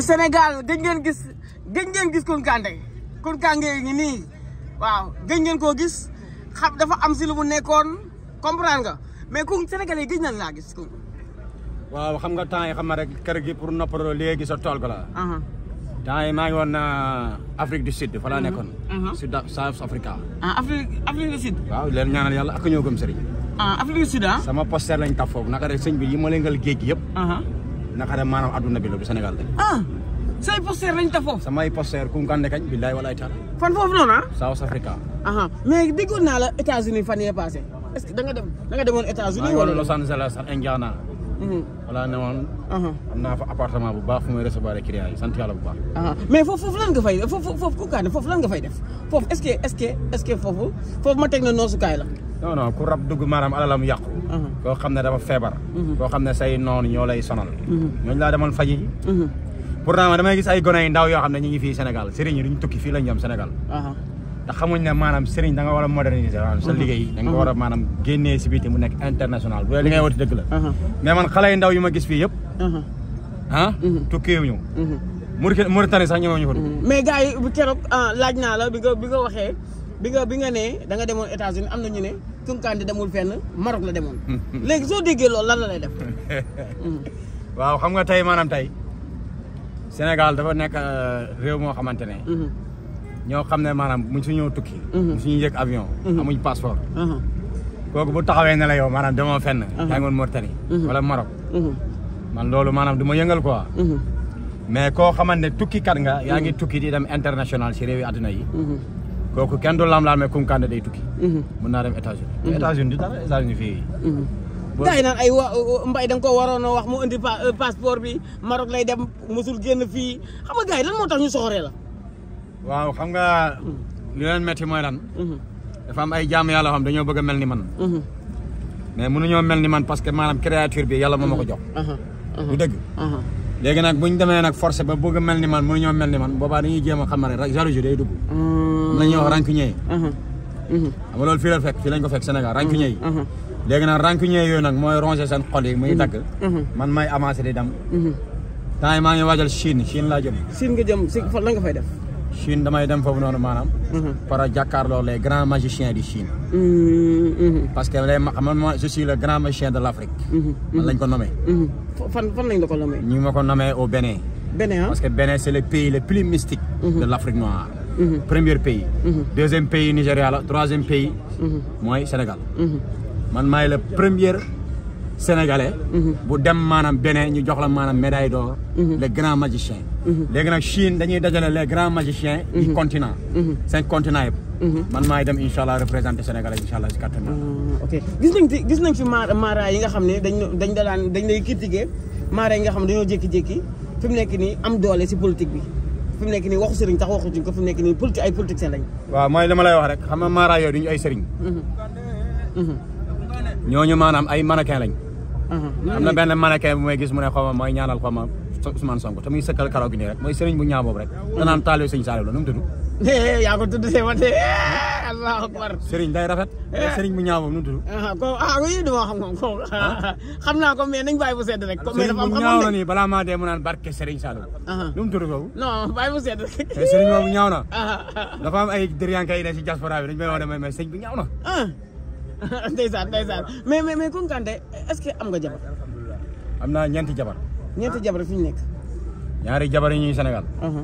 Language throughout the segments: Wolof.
Senegal Sénégal ngeen gis gëj ngeen gis Kounkandé Kounkandé ngi ni waaw gëj ngeen ko gis xam dafa am ci lu mu nekkoon comprendre nga mais ku Sénégalais gëj nañ la gis. waaw xam nga temps yi xam rek kër gi pour noppaloo légui sa tol ga la. temps yi ma ngi won euh, Afrique du Sud fa laa mhm. nekkoon. Mhm. Sud South Africa. ah Afrique Afrique du Sud. waaw leen ñaanal yalla ak ñoo gëm sëriñ. ah Afrique du Sud ah. sama poster lañ taf foofu naka rek sëñ bi yi ma lëngal géej gi yëpp. naqare maanaam adduna bi la Sénégal de. ah say poster lañ ta foofu. samay poster Koungheul kañ billaay walaay taala. fan foofu noonu ah? South Africa. mais déggoon naa la États-Unis fan yee passé que da dem da demoon États-Unis wala Los Angeles ak Indiana. voilà mhm. ne woon. am naa bu baax fu may recevoir les clients yi bu baax. mais foofu lan nga fay def foofu est que est que est que foofu foofu ma teg na noosukaay la. non non ku rab dugg maanaam alalam yàqu uh-huh. koo xam ne dafa feebar uh-huh. koo xam ne say noon ñoo lay sonal uh-huh. ñooñu laa demoon faji ji pourtant damay gis ay gone yu ndaw yoo xam ne ñu ngi fii Sénégal sëriñ yi duñ tukki fii lañ jëm Sénégal ndax xamuñ ne maanaam sëriñ da nga war a moderniser maanaam sa liggéey da nga war a maanaam génnee si biti mu nekk international bu dee li ngay wati dëgg la mais man xale yu ma gis fii yëpp naa la bi nga bi waxee bi nga bi nga nee danga nga demoon États-Unis am na ñu ne Kounkandé demul fenn Maroc la demoon. léegi soo déggee loolu lan la lay def. Mm. waaw xam nga tey maanaam tey Sénégal dafa nekk euh, réew moo xamante ne. Mm-hmm. ñoo xam ne maanaam muñ suñu tukki. muñ mm-hmm. ñu yëg avion. Mm-hmm. mu passeport. Uh-huh. kooku bu taxawee ne la yow maanaam demoo fenn. Uh-huh. yaa ngi woon Mauritanie. wala Maroc. man loolu maanaam du ma yëngal quoi. mais koo xamante tukki tukkikat nga. yaa ngi tukki di dem international si réew yi àdduna yi. kooku kenn du laam-laamee Kounkandé day tukki. mën mhm. naa dem États-Unis. Mhm. États-Unis du dara États-Unis fii. Mhm. gaa yi naan ay wa mbay da ko koo waroon a wax mu indi euh, passeport bi Maroc lay dem mosul génn fii xam nga gaa yi lan moo tax ñu soxoree la. waaw xam nga. li leen métti mooy lan. dafa am ay jaam yàlla xam dañoo bëgg a mel ni man. mais mënuñoo mel ni man parce que maanaam créature bi yàlla moo ma ko jox. du dëgg. léegi nag bu ñu demee nag forcé ba bëgg a mel ni man mënu ñoo mel ni man booba dañuy jéem a xam ne rek jalousie day dugg am mm. na ñuy wax rancunier yi mm-hmm. mm-hmm. ama loolu fii la fekk fii lañ ko fekk Sénégal rancunier yi mm-hmm. léegi nag rancunier yooyu nag mooy ronger seen xol yi muy dagg man may avancé di dam temps yi maa ngi waajal Chine Chine laa jëm nga jëm si fan la nga fay def Chine damay dem foofu noonu maanaam. Mhm. para les grands magiciens du Chine. Mhm, mhm. parce que je suis le grand magicien de l'Afrique. Je man lañ ko nommé. fan fan lañ la ko nommé. au Bénin. Bénin ah. parce que Bénin c'est le pays le plus mystique. de l'Afrique noire. premier pays. deuxième pays Nigeria. troisième pays. Moi, Sénégal. man le premier. sénégalais. Mhm. bu dem maanaam beneen ñi jox la maanaam médaille d'or mhm. les grands magiciens. Mhm. léegi nag Chine dañuy dajale les grands magiciens. du continent. cinq continent yëpp. man maay dem incha allah représenté Sénégal incha allah si kattan ah, ok gis nañ ci gis nañ ci ma maara yi nga xam ne dañ dañ daan dañ lay critiquer maara yi nga xam ne dañoo jékki-jékki fi mu nekk nii am doole si politique bi. fi mu nekk nii waxu sëriñ tax waxu waxuñu ko fi mu nekk nii politique ay politiciens lañ. waaw mooy li ma lay wax rek xam nga maara yooyu duñu ay sëriñ. ñooñu maanaam ay mannequin lañ. Mm-hmm. am na benn mannequin bu may gis mu ne xaw ma mooy ñaanal xaw ma Ousmane Sonko te muy sëkkal karaw gi nii rek mooy bu ñaaw boobu rek danaan taalibe sëñ Saliou la nu mu tudd eh, yaa ko tudd see wante allahu akbar sëriñ eh. ah, ko ah, ma xam moom ko ah. xam naa ko mais nañ bàyyi bu rek sëriñ bu ñaaw la nii balaa maa dee mu naan barke sëriñ Saliou nu mu tudd boobu non bàyyi bu sedd rek sëriñ boobu ñaaw na dafa am ay diriyanka yi ne si diaspora bi dañ may wax ne may may ñaaw na ndeysaan ndeysaan mais mais mais Kounkandé est-ce que am nga jabar. am naa ñeenti jabar. ñeenti jabar fi ñu nekk. ñaari jabar ñuy Sénégal. Mhm.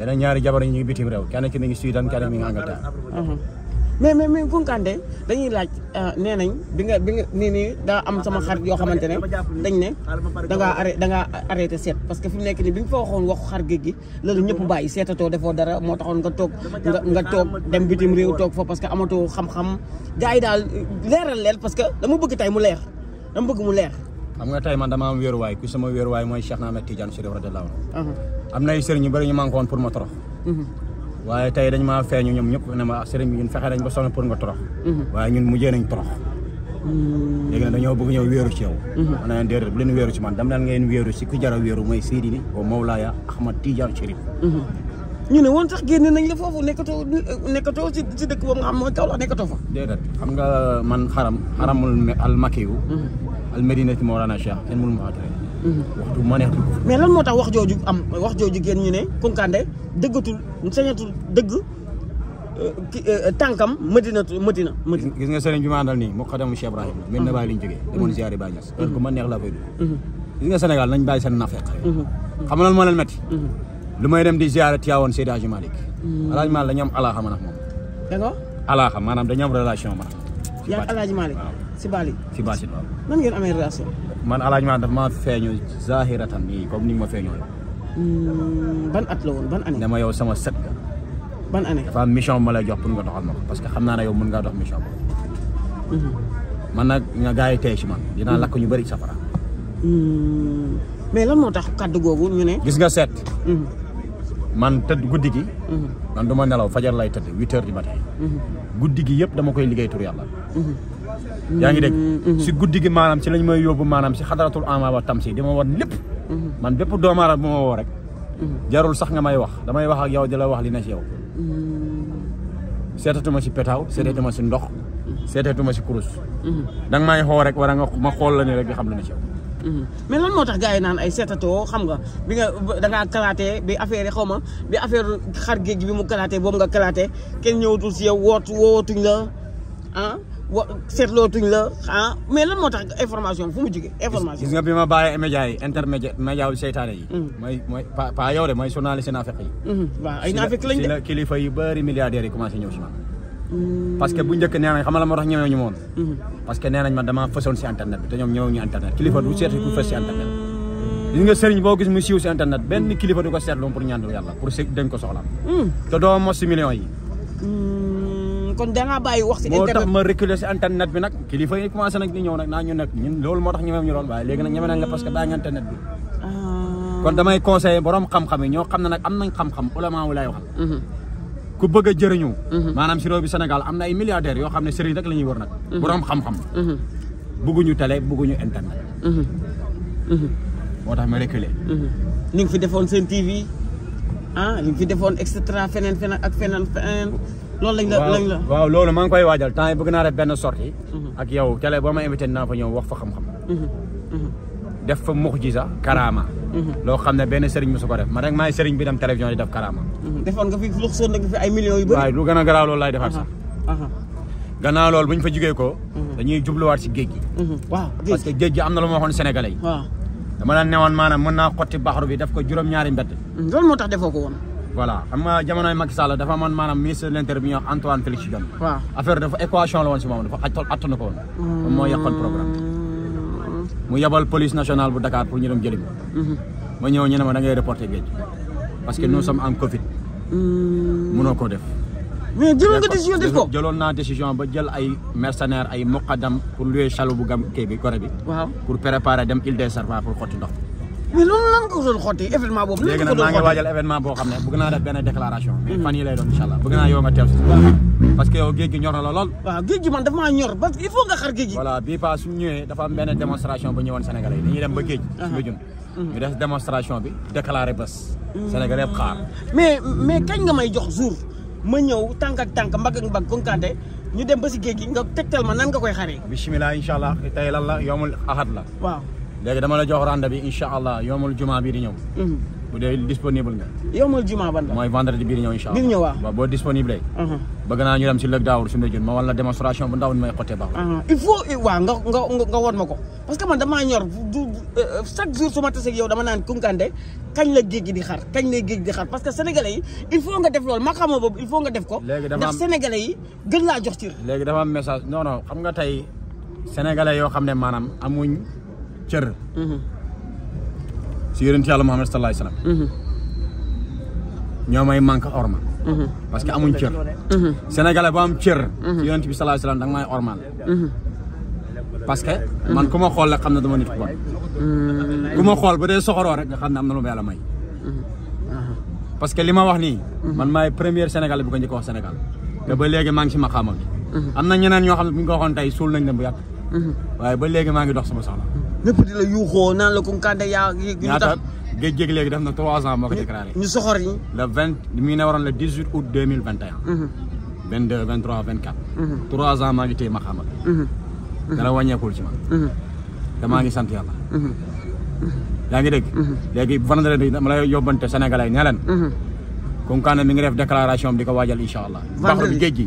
yeneen ñaari jabar ñuy bitim réew kenn ki mi ngi Sudan kenn mi ngi Angleterre. Mhm. mais mais mais Kounkandé dañuy laaj euh, nee nañ bi nga bi nga nii nii daa am sama xar yoo xamante ne dañ ne da ngaa arrêté da ngaa arrêté seet parce que fi mu nekk nii bi nga fa waxoon waxu xar géej gi ñëpp bàyyi seetatoo defoo dara moo taxoon nga toog nga nga toog dem bitim réew toog fa parce que amatoo xam-xam gars yi daal leeral leen parce que dama bëgg tey mu leer dama bëgg mu leer. xam nga tey man dama am wéeruwaay ku sama wéeruwaay mooy Cheikh Ahmed Tidiane Chérif radiyallahu anhu uh-huh. am nay sëriñ ñu bëri ñu manqué woon pour ma torox uh-huh. waye tay dañ ma feñu ñom ñep ne ma sëriñ bi ñun fexé dañ ba sonu pour nga torox mhm. waye ñun mu jé nañ torox mm. légui na dañoo bëgg ñew wëru ci yow mhm. ma ne leen bu leen wëru ci man dam leen ngeen wëru ci ku jara wéeru mooy Seydina wa Mawlaaya Ahmad Tidiane Chérif mhm. ñu ne won tax genn nañ la fofu nekkatoo nekkatoo ci ci dëkk bo nga am mooy kaw la nekkatoo fa déedéet xam nga man xaram xaramul al makiyu al madinati Mawlana Cheikh kenn mënu ma wax du ma neex mais lan moo tax wax jooju am wax jooju génn ñu ne Kounkandé dëggatul sañatul dëgg euh, euh, tànkam Medina Medina Medina gis nga sëriñ bi ma àndal nii muqaddamu Cheikh Ibrahim la mel na bàyyi liñ jógee demoon mhm. ziyaare Baye Niass heure bu ma mhm. neex laa fay dugg ma mhm. nga Sénégal nañ bàyyi seen nafeq xam lan moo leen metti lu may dem di ziyaare Tivaouane ma Hadji ma Alaaji Malick dañu am alaaxa man ak moom d'accord alaaxa maanaam dañu am relation man yaa ngi Alaaji Malick si Bali si Bali waaw nan ngeen amee relation man alaaj maa daf maa feeñu zahiratan nii comme ni nga ma feeñoo hmm, ban at la woon ban année. ma yow sama set ga. ban année dafa mission ma lay jox pour nga doxal ma ko parce que xam naa ne yow mën ngaa dox mission boobu. Hmm. man nag nga gars yi tey si man. dinaa hmm. lakk ñu bëri safara. mais la moo tax kaddu googu ñu ne. gis nga seet. man tëdd guddi gi. man du ma nelaw fajar lay tëdd huit di du matin. guddi gi yëpp dama koy liggéey tur yàlla. yaa ngi dégg mm, mm, mm. si guddi gi maanaam si lañ may yóbbu maanaam si xadaratul ama wa tam si di ma war lépp mm-hmm. man bépp doomu bu ma rek mm-hmm. jarul sax nga may wax damay wax ak yow di la wax li na si yow mm-hmm. seetatuma si petaaw seetatuma si ndox seetatuma si kurus dang may xoo rek wara nga ma xool la ni rek nga xam la si yow mais lan moo tax gars ay seetatoo xam nga bi nga da ngaa bi affaire yi xaw ma bi affaire xar géej bi mu kalaatee boobu nga kalaatee kenn ñëwatul si yow woot wootuñ la ah wa seetlootuñ la ah mais lan moo tax information fu mu jógee information. gis nga bi ma bàyyee média yi intermédia média yu seytaane yi. Mm. mooy mooy pa pa yow mm-hmm. de mooy journaliste naafeq yi. waaw ay naafeq lañ de si la kilifa yu bëri milliardaires yi commencé ñëw si man. parce que bu njëkk nee nañ xam la moo tax mm-hmm. ñemewuñu ma woon. parce que nee nañ man damaa fësoon si internet bi te ñoom ñëwuñu internet kilifa du seet ku fës si internet. Mm. gis nga sëriñ boo gis mu siiw internet benn kilifa du ko seetlu pour ñaandu yàlla pour dañ ko soxla. Mm. te doo mos si millions yi. kon dangaa bàyyi wax si bi nag kilifa yi commencé nag di ñëw naa ñu nekk ñun ah. damay conseillé borom xam-xam yi ñoo xam ne nag am nañ xam-xam ulama wu lay wax mhm. ku bëgg jër jëriñu mhm. maanaam si réew bi Sénégal am na ay milliardaires yoo xam ne sëriñ rek la ñuy wër nag mhm. borom xam-xam bëgguñu télé bëgguñu internet moo tax ma reculer ni nga fi defoon seen TV ah ni nga fi defoon et cetera feneen feneen ak feneen feneen loolu la lañ la waaw loolu maa ngi koy waajal temps yi bëgg naa def benn sortie mhm. ak yow télé boo ma invité naa fa ñëw wax fa xam-xam mhm. Mhm. def fa muxjisa karaama loo xam ne benn sëriñ mosu ko def ma rek maay sëriñ bi dem télévision di def karaama defoon nga fi lux soon nga fi ay millions yu bëri waaw lu gën a garaaw loolu laay defaat sax gannaaw loolu bu ñu fa jugee ko dañuy jubluwaat si géej gi waaw parce que géej gi am na lu ma waxoon sénégalais yi dama la newoon maanaam mën naa xotti baxaru bi daf ko juróom-ñaari mbedd loolu tax defoo ko woon voilà xam nga jamonoy Macky Sall dafa man maanaam ministre de l'intérieur bi ñuy wax Antoine Félix dafa équation la woon si moom dafa attan attanu ko moo yàqoon programme mu yebal police nationale bu Dakar pour ñu dem jëli mm-hmm. ma ñëw ñu ne ma da ngay parce que nous sommes en Covid. Mm-hmm. noo ko def. mais jëloon nga décision ba jël ay mercenaires ay muqaddam pour louer chaloupe bu gam kii bi Gorée bi. waaw pour préparer dem île des Serpents pour xotti ndox. mais loolu lan nga ko doon xotti événement boobu. lan nga ko doon xotti léegi nag maa ngi waajal événement boo xam ne bëgg naa def benn déclaration. mais fan yii lay doon incha allah bëgg naa yow nga teew si. parce que yow géej gi ñor na la lool. waaw géej gi man dafa maa ñor parce que il faut nga xar géej gi. voilà bii pas suñu ñëwee dafa am benn démonstration bu ñëwoon Sénégalais yi dañuy dem ba géej. Ah. mbéjum mm-hmm. ñu def démonstration bi déclaré bés. Mm-hmm. Sénégalais yëpp xaar. mais mais kañ nga may jox jour ma ñëw tànk ak tànk mbagg ak mbagg konkaate ñu dem ba si géej gi nga tegtal ma nan nga koy xaree. bisimilah incha allah tey lan la yoomul axat la waaw léegi dama la jox rende bi incha allah yoomul juma bii di ñëw. Mhm. bu dee disponible nga. yoomul juma ban la mooy vendredi bii ñëw incha allah. boo disponible. Mhm. bëgg naa ñu si lëg daawur suñu la ma wala démonstration bu ndaw ni may xottee baax. Mhm. il faut waaw nga nga ma ko parce que man damaa ñor du euh, euh, chaque jour su ma tasee ak yow dama naan Kounkandé kañ la géej gi di xar kañ la géej di xar parce que sénégalais yi il faut nga def loolu ma xamoo boobu il faut nga def ko. léegi dama ndax sénégalais laa jox ci. léegi dama am message non non xam nga tey sénégalais yoo xam ne maanaam amuñ cër si yonent yàlla Muhammad sallallahu alayhi wasallam orman, ay manque orma parce que amuñ cër sénégalais bu am cër si yonent bi sallallahu alayhi wasallam may ormal parce que man ku ma la xam ne dama nit ku bon ku ma xool ba dee soxoroo rek nga xam ne lu may parce que li wax nii man maay premier sénégalais bu ko njëkk wax sénégal ba si ñeneen bu nañ bu ba ñëpp di la yuuxoo naan la Kounkandé yaa ñu tax géej géej léegi def na trois ans moo ko déclaré ñu soxor ñi le vingt mi ngi ne waroon le dix huit août deux mille vingt et un vingt deux vingt trois vingt quatre ans maa ngi téye ma xamal mhm. mhm. dara wàññeekul ci man mhm. te maa ngi sant yàlla yaa ngi dégg léegi vendredi dama lay yóbbante sénégalais ne leen Kounkandé mi ngi def déclaration bi di ko waajal incha allah baxru bi géej gi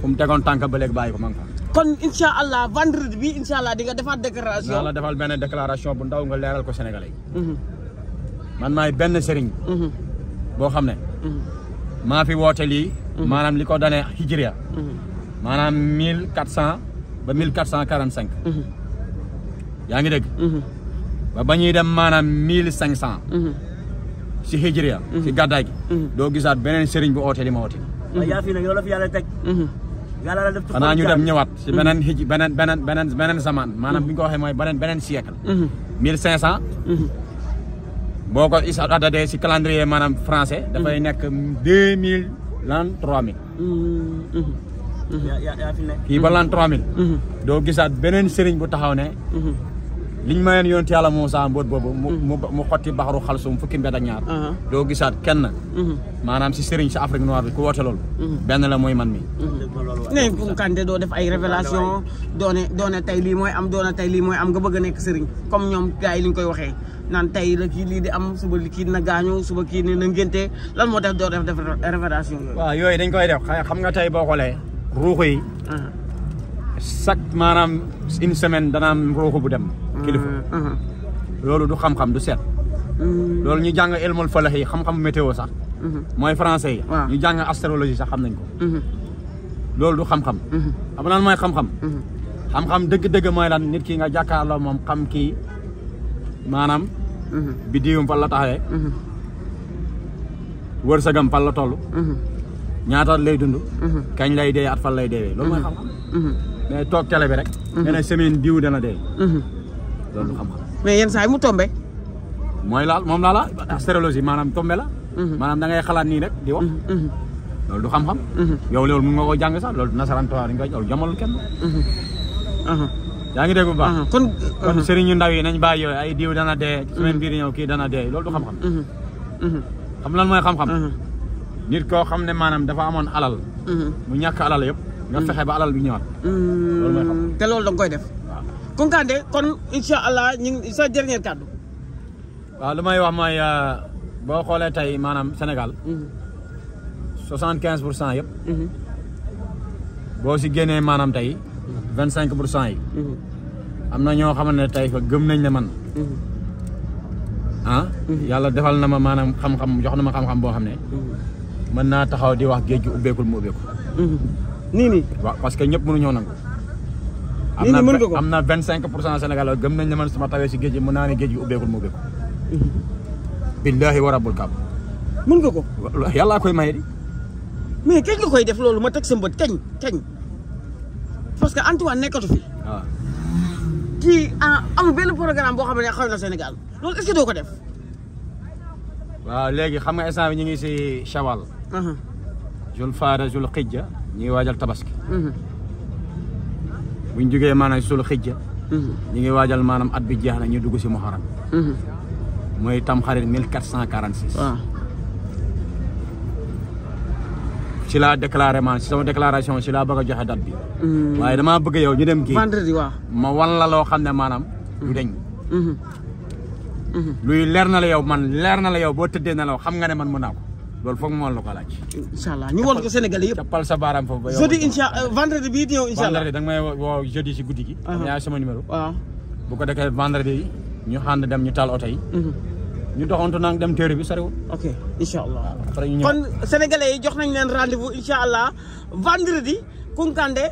fu mu tegoon tànk ba léeg bàyyi ko ma kon incha allah vendredi bi incha allah di nga defaat déclaration. naa la defal benn déclaration bu ndaw nga leeral ko Sénégalais yi. Mhm. man maay benn sëriñ. Mhm. boo xam ne. Mhm. maa fi woote maanaam li ko danee hijriya. maanaam mille quatre cent ba mille quatre cent quarante cinq. yaa ngi dégg. ba ba ñuy dem maanaam mille cinq cent. si hijriya. si gàddaay gi. doo gisaat beneen sëriñ bu oote li ma oote. yaa fi nag yow la fi yàlla teg. xanaa ñu dem ñëwaat si beneen xij mhm. beneen beneen beneen beneen zaman maanaam bi ñu ko waxee mooy beneen beneen siècle mhm. mille cinq cent mhm. boo ko isa adatee si calendrier maanaam français dafay nekk deux mille l'an trois mille kii ba l'an trois mille doo gisaat beneen sëriñ bu taxaw ne liñ mayoon yoon yàlla Moussa mbóot boobu mu mm-hmm. mu xotti baxaru xalsum fukki mbedd ak ñaar uh-huh. doo gisaat kenn mm-hmm. maanaam si sëriñ si Afrique noire bi ku woote loolu mm-hmm. benn la mooy man mi ne Kandé doo def ay révélation doone doone tey lii mooy am doone tey lii mooy am nga bëgg a nekk sëriñ comme ñoom gars yi li ñu koy waxee nan tey la kii lii di am suba kii na gaañu suba kii ni na ngénte lan moo def doo def def révélation yooyu waaw yooyu dañ koy def xam nga tey boo xoolee ruuxu yi uh-huh. chaque maanaam une semaine dana am ruuxu bu dem kilifa. Uh-huh. loolu du xam-xam du set mm. loolu ñu jàng ilmul falax yi xam-xam météo sax. Mm-hmm. mooy français yi. ñu jàng astrologie sax xam nañ ko. Mm-hmm. loolu du xam-xam. Mm-hmm. xam lan mooy xam-xam. xam-xam dëgg-dëgg mooy lan nit ki nga jàkkaarloo moom xam kii maanaam. biddiwam fan la taxawee. wërsëgam fan la toll. ñaata lay dund. kañ lay dee at fan lay deewee. loolu mooy toog télé rek. nga ne semaine diw dana dee. loolu du xam-xam. mais yenn saa mu tombe mooy laal moom laa la sérologie maanaam tombé la. Mhm. maanaam da ngay xalaat nii rek di wax. Mhm, mhm. loolu du xam-xam. yow loolu mun nga koo jàng sax loolu nasaraan tubaab dañu koy loolu jamalul uh-huh. yaa ngi dégg bu baax. Uh-huh. kon kon uh-huh. sëriñ ndaw yi nañ bàyyi yooyu ay diw dana dee. semaine bii ñëw kii dana dee loolu du xam-xam. xam lan mooy xam-xam. nit koo xam ne maanaam dafa amoon alal. mu ñàkk alal yëpp. nga fexe ba alal bi ñëwaat. Mm-hmm. te loolu da koy def. Kounkandé kon incha allah ñu sa dernier kàddu. waaw lu may wax may euh, boo xoolee tey maanaam Sénégal. Mhm. soixante quinze pour cent yëpp. Mhm. boo si génnee maanaam tey mhm. vingt cinq pour cent yi. am na ñoo xamante ne tey fa gëm nañ ne man. ah. yàlla defal na ma maanaam xam-xam jox na ma xam-xam boo xam ne. mën naa taxaw di wax géej gi ubbeekul mu ubbeeku. nii waaw parce que ñëpp mënuñoo nangu. am na am na vingt cinq pour cent Sénégal gëm nañ ne man suma tawee si géej gi mën naa ne géej gi ubbeekul mu ubbeeku billahi wa rabbul kaab mën nga ko yàllaa koy maye di mais kañ nga koy def loolu ma teg sa mbët kañ kañ parce que Antoine nekkatu fi waaw ah. kii ah, amul benn programme boo xam ne xaw na Sénégal loolu est-ce que doo ko def waaw léegi xam nga instant bi ñu ngi si Chawal jul uh-huh. faara jul xijja ñu ngi waajal tabaski uh-huh. buñ jógee maana sul xijja mhm. ñu ngi waajal maanaam at bi jeex na ñu dugg si muharam mhm. mooy tam xarit mille quatre cent quarante ci laa déclaré maanaam ci sama déclaration ci laa bëgg a joxe date bi mhm. waaye damaa bëgg yow ñu dem géej vendredi waaw ma wan la loo xam ne maanaam du deñ luy leer na la yow man leer na la yow boo tëddee na la xam nga ne man mën naa ko loolu foog mu la ko laaj. incha allah ñu won ko Sénégalais yëpp cappal sa baaraam foofu ba yow. jeudi incha euh, vendredi bii di ñëw incha allah bu ko defee vendredi ñu ànd dem ñu taal oto yi. Mhm. ñu doxantu nang dem téere bi soriwul. ok incha allah. après ñu ñëw kon sénégalais yi jox nañ leen rendez vous incha allah vendredi Kounkandé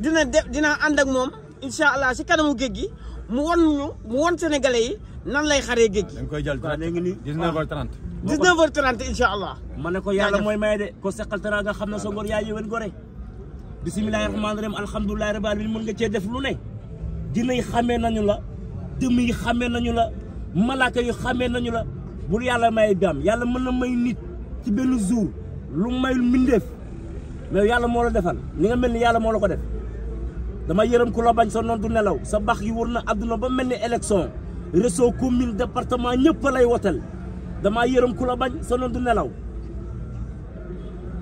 dina def dina ànd ak moom incha allah si kanamu géej gi mu won ñu mu won sénégalais yi nan lay xaree géej gi. dañ koy jël 19h30 19 heures 30 incha allah. ma ne ko yàlla mooy maye de ko seqal tara nga xam ne sa ngor yaa yëwen gore. bisimilahi rahmaani rahim alhamdulilahi rabbil alamin mën nga cee def lu ne. dina yi xamee nañu la. dëmm yi xamee nañu la. malaaka yu xamee nañu la. bul yàlla may jaam yàlla mën na may nit ci benn jour lu mayul mbindeef mais yàlla moo la defal ni nga mel ni yàlla moo la ko def dama yërëm ku la bañ sa noon du nelaw sa bax yi wër na àdduna ba mel ni élection réseau commune département ñëpp lay wotal dama yërëm ku la bañ sa noon du nelaw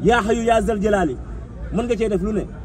yaa xayu yaa zal jalaali mën nga cee def lu ne